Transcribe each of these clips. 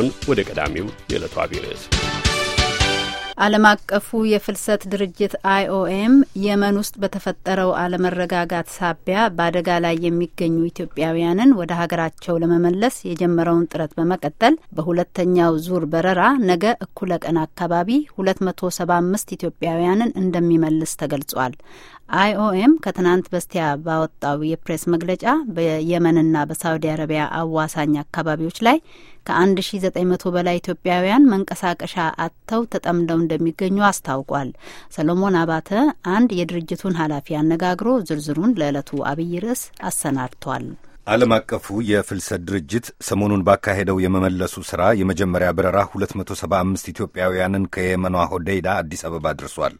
አሁን ወደ ቀዳሚው የዕለቱ አብይ ርዕስ ዓለም አቀፉ የፍልሰት ድርጅት አይኦኤም የመን ውስጥ በተፈጠረው አለመረጋጋት ሳቢያ በአደጋ ላይ የሚገኙ ኢትዮጵያውያንን ወደ ሀገራቸው ለመመለስ የጀመረውን ጥረት በመቀጠል በሁለተኛው ዙር በረራ ነገ እኩለ ቀን አካባቢ 275 ኢትዮጵያውያንን እንደሚመልስ ተገልጿል። አይኦኤም ከትናንት በስቲያ ባወጣው የፕሬስ መግለጫ በየመንና በሳውዲ አረቢያ አዋሳኝ አካባቢዎች ላይ ከ1900 በላይ ኢትዮጵያውያን መንቀሳቀሻ አጥተው ተጠምደው እንደሚገኙ አስታውቋል። ሰሎሞን አባተ አንድ የድርጅቱን ኃላፊ አነጋግሮ ዝርዝሩን ለዕለቱ አብይ ርዕስ አሰናድቷል። ዓለም አቀፉ የፍልሰት ድርጅት ሰሞኑን ባካሄደው የመመለሱ ሥራ የመጀመሪያ በረራ 275 ኢትዮጵያውያንን ከየመኗ ሆዴይዳ አዲስ አበባ ድርሷል።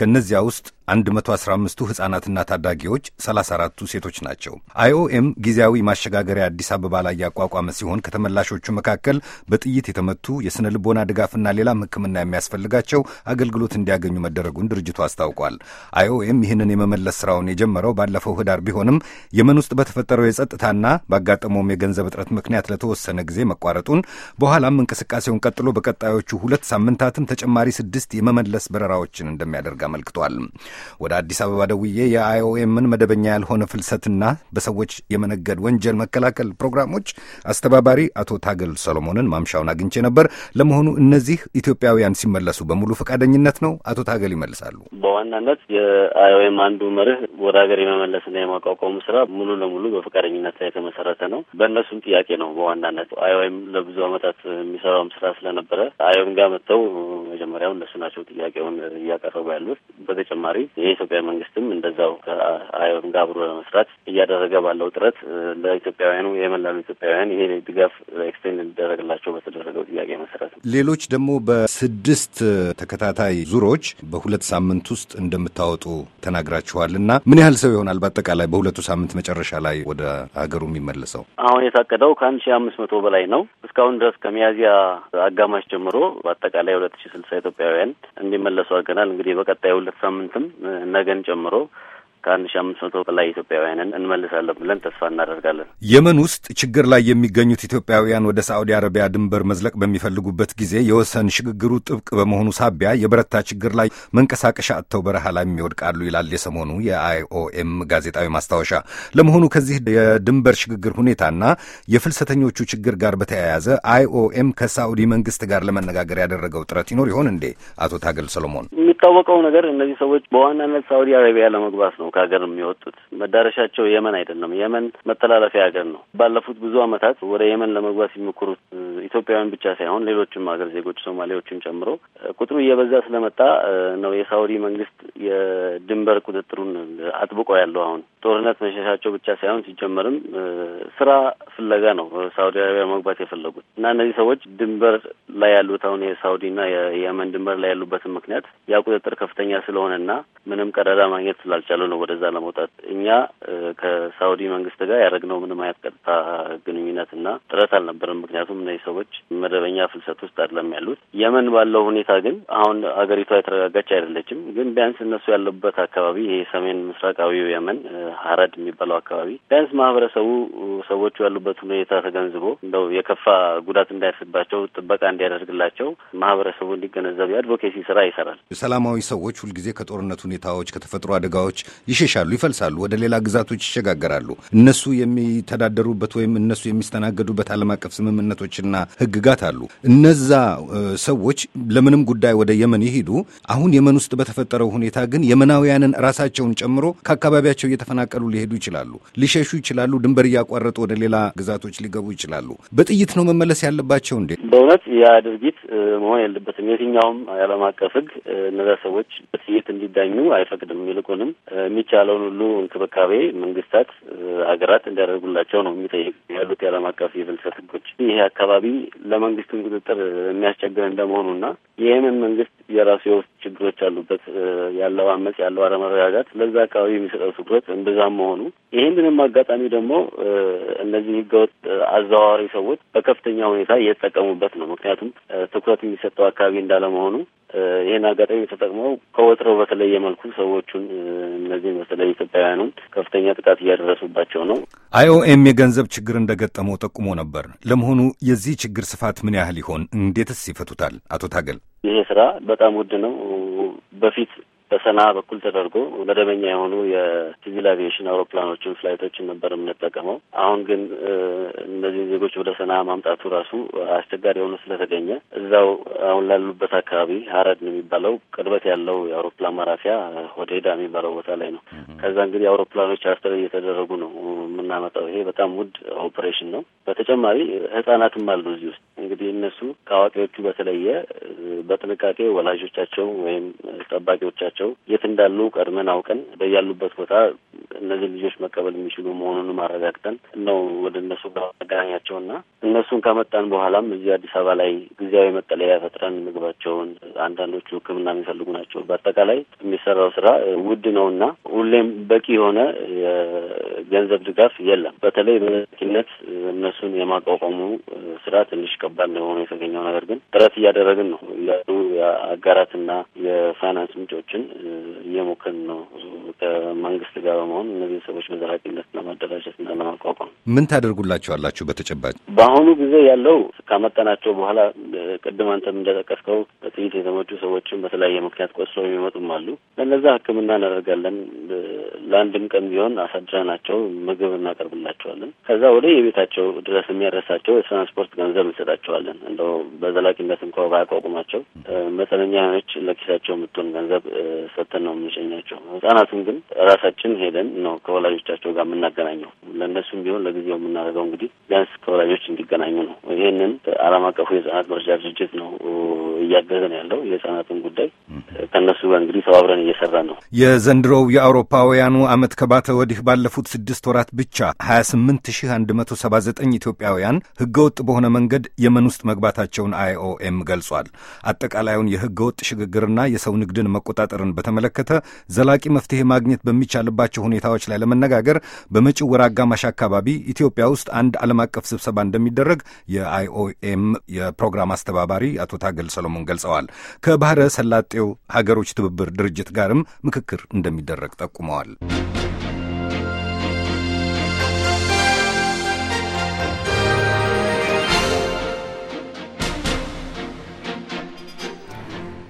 ከእነዚያ ውስጥ 115ቱ ሕፃናትና ታዳጊዎች፣ 34ቱ ሴቶች ናቸው። አይኦኤም ጊዜያዊ ማሸጋገሪያ አዲስ አበባ ላይ ያቋቋመ ሲሆን ከተመላሾቹ መካከል በጥይት የተመቱ የሥነ ልቦና ድጋፍና ሌላም ሕክምና የሚያስፈልጋቸው አገልግሎት እንዲያገኙ መደረጉን ድርጅቱ አስታውቋል። አይኦኤም ይህንን የመመለስ ስራውን የጀመረው ባለፈው ህዳር ቢሆንም የመን ውስጥ በተፈጠረው የጸጥታና ባጋጠመውም የገንዘብ እጥረት ምክንያት ለተወሰነ ጊዜ መቋረጡን፣ በኋላም እንቅስቃሴውን ቀጥሎ በቀጣዮቹ ሁለት ሳምንታትም ተጨማሪ ስድስት የመመለስ በረራዎችን እንደሚያደርግ አመልክቷል። ወደ አዲስ አበባ ደውዬ የአይኦኤምን መደበኛ ያልሆነ ፍልሰትና በሰዎች የመነገድ ወንጀል መከላከል ፕሮግራሞች አስተባባሪ አቶ ታገል ሰሎሞንን ማምሻውን አግኝቼ ነበር። ለመሆኑ እነዚህ ኢትዮጵያውያን ሲመለሱ በሙሉ ፈቃደኝነት ነው? አቶ ታገል ይመልሳሉ። በዋናነት የአይኦኤም አንዱ መርህ ወደ ሀገር የመመለስና የማቋቋሙ ስራ ሙሉ ለሙሉ በፈቃደኝነት ላይ የተመሰረተ ነው። በእነሱም ጥያቄ ነው። በዋናነት አይኦኤም ለብዙ ዓመታት የሚሰራውም ስራ ስለነበረ አይኦኤም ጋር መጥተው የመጀመሪያው እነሱ ናቸው ጥያቄውን እያቀረቡ ያሉት። በተጨማሪ የኢትዮጵያ መንግስትም እንደዛው ከአዮን ጋር አብሮ ለመስራት እያደረገ ባለው ጥረት ለኢትዮጵያውያኑ የመላሉ ኢትዮጵያውያን ይሄ ድጋፍ ኤክስቴንድ እንዲደረግላቸው በተደረገው ጥያቄ መሰረት ነው። ሌሎች ደግሞ በስድስት ተከታታይ ዙሮች በሁለት ሳምንት ውስጥ እንደምታወጡ ተናግራችኋል እና ምን ያህል ሰው ይሆናል በአጠቃላይ በሁለቱ ሳምንት መጨረሻ ላይ ወደ ሀገሩ የሚመለሰው? አሁን የታቀደው ከአንድ ሺ አምስት መቶ በላይ ነው። እስካሁን ድረስ ከሚያዚያ አጋማሽ ጀምሮ በአጠቃላይ ሁለት ሺ ስልሳ ኢትዮጵያውያን እንዲመለሱ አድርገናል። እንግዲህ በቀጣይ ሁለት ሳምንትም ነገን ጨምሮ ከአንድ ሺ አምስት መቶ በላይ ኢትዮጵያውያንን እንመልሳለን ብለን ተስፋ እናደርጋለን። የመን ውስጥ ችግር ላይ የሚገኙት ኢትዮጵያውያን ወደ ሳዑዲ አረቢያ ድንበር መዝለቅ በሚፈልጉበት ጊዜ የወሰን ሽግግሩ ጥብቅ በመሆኑ ሳቢያ የበረታ ችግር ላይ መንቀሳቀሻ አጥተው በረሃ ላይ የሚወድቃሉ ይላል የሰሞኑ የአይኦኤም ጋዜጣዊ ማስታወሻ። ለመሆኑ ከዚህ የድንበር ሽግግር ሁኔታና የፍልሰተኞቹ ችግር ጋር በተያያዘ አይኦኤም ከሳዑዲ መንግስት ጋር ለመነጋገር ያደረገው ጥረት ይኖር ይሆን እንዴ? አቶ ታገል ሰሎሞን፣ የሚታወቀው ነገር እነዚህ ሰዎች በዋናነት ሳዑዲ አረቢያ ለመግባት ነው ከሀገር የሚወጡት መዳረሻቸው የመን አይደለም። የመን መተላለፊያ ሀገር ነው። ባለፉት ብዙ ዓመታት ወደ የመን ለመግባት የሚሞክሩት ኢትዮጵያውያን ብቻ ሳይሆን ሌሎችም ሀገር ዜጎች ሶማሌዎችን ጨምሮ ቁጥሩ እየበዛ ስለመጣ ነው የሳውዲ መንግስት የድንበር ቁጥጥሩን አጥብቆ ያለው። አሁን ጦርነት መሸሻቸው ብቻ ሳይሆን ሲጀመርም ስራ ፍለጋ ነው ሳውዲ አረቢያ መግባት የፈለጉት እና እነዚህ ሰዎች ድንበር ላይ ያሉት አሁን የሳውዲና የየመን ድንበር ላይ ያሉበትን ምክንያት ያ ቁጥጥር ከፍተኛ ስለሆነና ምንም ቀረዳ ማግኘት ስላልቻሉ ነው ወደዛ ለመውጣት። እኛ ከሳውዲ መንግስት ጋር ያደረግነው ምንም አይነት ቀጥታ ግንኙነትና ጥረት አልነበረም። ምክንያቱም እነዚህ ሰዎች ሰዎች መደበኛ ፍልሰት ውስጥ አይደለም ያሉት። የመን ባለው ሁኔታ ግን አሁን አገሪቷ የተረጋጋች አይደለችም። ግን ቢያንስ እነሱ ያለበት አካባቢ ይሄ ሰሜን ምስራቃዊው የመን ሀረድ የሚባለው አካባቢ ቢያንስ ማህበረሰቡ ሰዎቹ ያሉበት ሁኔታ ተገንዝቦ እንደው የከፋ ጉዳት እንዳይደርስባቸው ጥበቃ እንዲያደርግላቸው ማህበረሰቡ እንዲገነዘብ የአድቮኬሲ ስራ ይሰራል። ሰላማዊ ሰዎች ሁልጊዜ ከጦርነት ሁኔታዎች፣ ከተፈጥሮ አደጋዎች ይሸሻሉ፣ ይፈልሳሉ፣ ወደ ሌላ ግዛቶች ይሸጋገራሉ። እነሱ የሚተዳደሩበት ወይም እነሱ የሚስተናገዱበት ዓለም አቀፍ ስምምነቶችና ህግጋት አሉ። እነዛ ሰዎች ለምንም ጉዳይ ወደ የመን ይሄዱ። አሁን የመን ውስጥ በተፈጠረው ሁኔታ ግን የመናውያንን ራሳቸውን ጨምሮ ከአካባቢያቸው እየተፈናቀሉ ሊሄዱ ይችላሉ፣ ሊሸሹ ይችላሉ፣ ድንበር እያቋረጡ ወደ ሌላ ግዛቶች ሊገቡ ይችላሉ። በጥይት ነው መመለስ ያለባቸው እንዴ? በእውነት ያ ድርጊት መሆን የለበትም። የትኛውም የዓለም አቀፍ ህግ እነዛ ሰዎች በጥይት እንዲዳኙ አይፈቅድም። ይልቁንም የሚቻለውን ሁሉ እንክብካቤ መንግስታት፣ ሀገራት እንዲያደርጉላቸው ነው የሚጠይቅ ያሉት የዓለም አቀፍ የፍልሰት ህጎች። ይሄ አካባቢ ለመንግስትም ቁጥጥር የሚያስቸግር እንደመሆኑና ይህንን መንግስት የራሱ የውስጥ ችግሮች አሉበት። ያለው አመፅ፣ ያለው አለመረጋጋት ለዛ አካባቢ የሚሰጠው ትኩረት እንብዛም መሆኑ ይህንንም አጋጣሚ ደግሞ እነዚህ ህገወጥ አዘዋዋሪ ሰዎች በከፍተኛ ሁኔታ እየተጠቀሙበት ነው። ምክንያቱም ትኩረት የሚሰጠው አካባቢ እንዳለመሆኑ ይህን አጋጣሚ ተጠቅመው ከወትሮው በተለየ መልኩ ሰዎቹን እነዚህን በተለይ ኢትዮጵያውያኑን ከፍተኛ ጥቃት እያደረሱባቸው ነው። አይኦኤም የገንዘብ ችግር እንደገጠመው ጠቁሞ ነበር። ለመሆኑ የዚህ ችግር ስፋት ምን ያህል ይሆን? እንዴትስ ይፈቱታል? አቶ ታገል ይሄ ስራ በጣም ውድ ነው። በፊት በሰና በኩል ተደርጎ መደበኛ የሆኑ የሲቪል አቪዬሽን አውሮፕላኖችን ፍላይቶችን ነበር የምንጠቀመው። አሁን ግን እነዚህ ዜጎች ወደ ሰና ማምጣቱ ራሱ አስቸጋሪ የሆኑ ስለተገኘ እዛው አሁን ላሉበት አካባቢ ሀረድ የሚባለው ቅርበት ያለው የአውሮፕላን ማረፊያ ሆዴዳ የሚባለው ቦታ ላይ ነው። ከዛ እንግዲህ አውሮፕላኖች ቻርተር እየተደረጉ ነው የምናመጣው። ይሄ በጣም ውድ ኦፕሬሽን ነው። በተጨማሪ ህጻናትም አሉ እዚህ ውስጥ እንግዲህ እነሱ ከአዋቂዎቹ በተለየ በጥንቃቄ ወላጆቻቸው ወይም ጠባቂዎቻቸው የት እንዳሉ ቀድመን አውቀን በያሉበት ቦታ እነዚህ ልጆች መቀበል የሚችሉ መሆኑንም አረጋግጠን ነው ወደ እነሱ ጋር መገናኛቸው እና እነሱን ከመጣን በኋላም እዚህ አዲስ አበባ ላይ ጊዜያዊ መጠለያ ፈጥረን ምግባቸውን፣ አንዳንዶቹ ሕክምና የሚፈልጉ ናቸው። በአጠቃላይ የሚሰራው ስራ ውድ ነው እና ሁሌም በቂ የሆነ የገንዘብ ድጋፍ የለም። በተለይ በኪነት እነሱን የማቋቋሙ ስራ ትንሽ ከባድ ነው የሆነ የተገኘው። ነገር ግን ጥረት እያደረግን ነው ያሉ የአጋራትና የፋይናንስ ምንጮችን እየሞከርን ነው መንግስት ጋር በመሆን እነዚህ ሰዎች በዘላቂነት ለማደራጀት እና ለማቋቋም ምን ታደርጉላቸዋላችሁ? በተጨባጭ በአሁኑ ጊዜ ያለው ካመጠናቸው በኋላ ቅድም አንተም እንደጠቀስከው በጥይት የተመዱ ሰዎችም በተለያየ ምክንያት ቆስለው የሚመጡም አሉ። ለነዛ ሕክምና እናደርጋለን። ለአንድም ቀን ቢሆን አሳድረናቸው ምግብ እናቀርብላቸዋለን። ከዛ ወደ የቤታቸው ድረስ የሚያደርሳቸው የትራንስፖርት ገንዘብ እንሰጣቸዋለን። እንደው በዘላቂነት እንኳ ባያቋቁማቸው መጠነኛ ሆኖች ለኪሳቸው የምትሆን ገንዘብ ሰጥተን ነው የምንሸኛቸው። ህጻናቱን ግን ራሳችን ሄደን ነው ከወላጆቻቸው ጋር የምናገናኘው። ለእነሱም ቢሆን ለጊዜው የምናደርገው እንግዲህ ቢያንስ ከወላጆች እንዲገናኙ ነው። ይህንን ዓለም አቀፉ የህጻናት መርጃ ድርጅት ነው እያገዘ እያደረገ ነው ያለው። የህጻናትን ጉዳይ ከእነሱ ጋር እንግዲህ ተባብረን እየሰራ ነው። የዘንድሮው የአውሮፓውያኑ ዓመት ከባተ ወዲህ ባለፉት ስድስት ወራት ብቻ ሀያ ስምንት ሺህ አንድ መቶ ሰባ ዘጠኝ ኢትዮጵያውያን ህገወጥ በሆነ መንገድ የመን ውስጥ መግባታቸውን አይኦኤም ገልጿል። አጠቃላዩን የህገወጥ ሽግግርና የሰው ንግድን መቆጣጠርን በተመለከተ ዘላቂ መፍትሄ ማግኘት በሚቻልባቸው ሁኔታዎች ላይ ለመነጋገር በመጪው ወር አጋማሽ አካባቢ ኢትዮጵያ ውስጥ አንድ ዓለም አቀፍ ስብሰባ እንደሚደረግ የአይኦኤም የፕሮግራም አስተባባሪ አቶ ታገል ሰሎሞን ገልጸዋል። ገልጸዋል። ከባህረ ሰላጤው ሀገሮች ትብብር ድርጅት ጋርም ምክክር እንደሚደረግ ጠቁመዋል።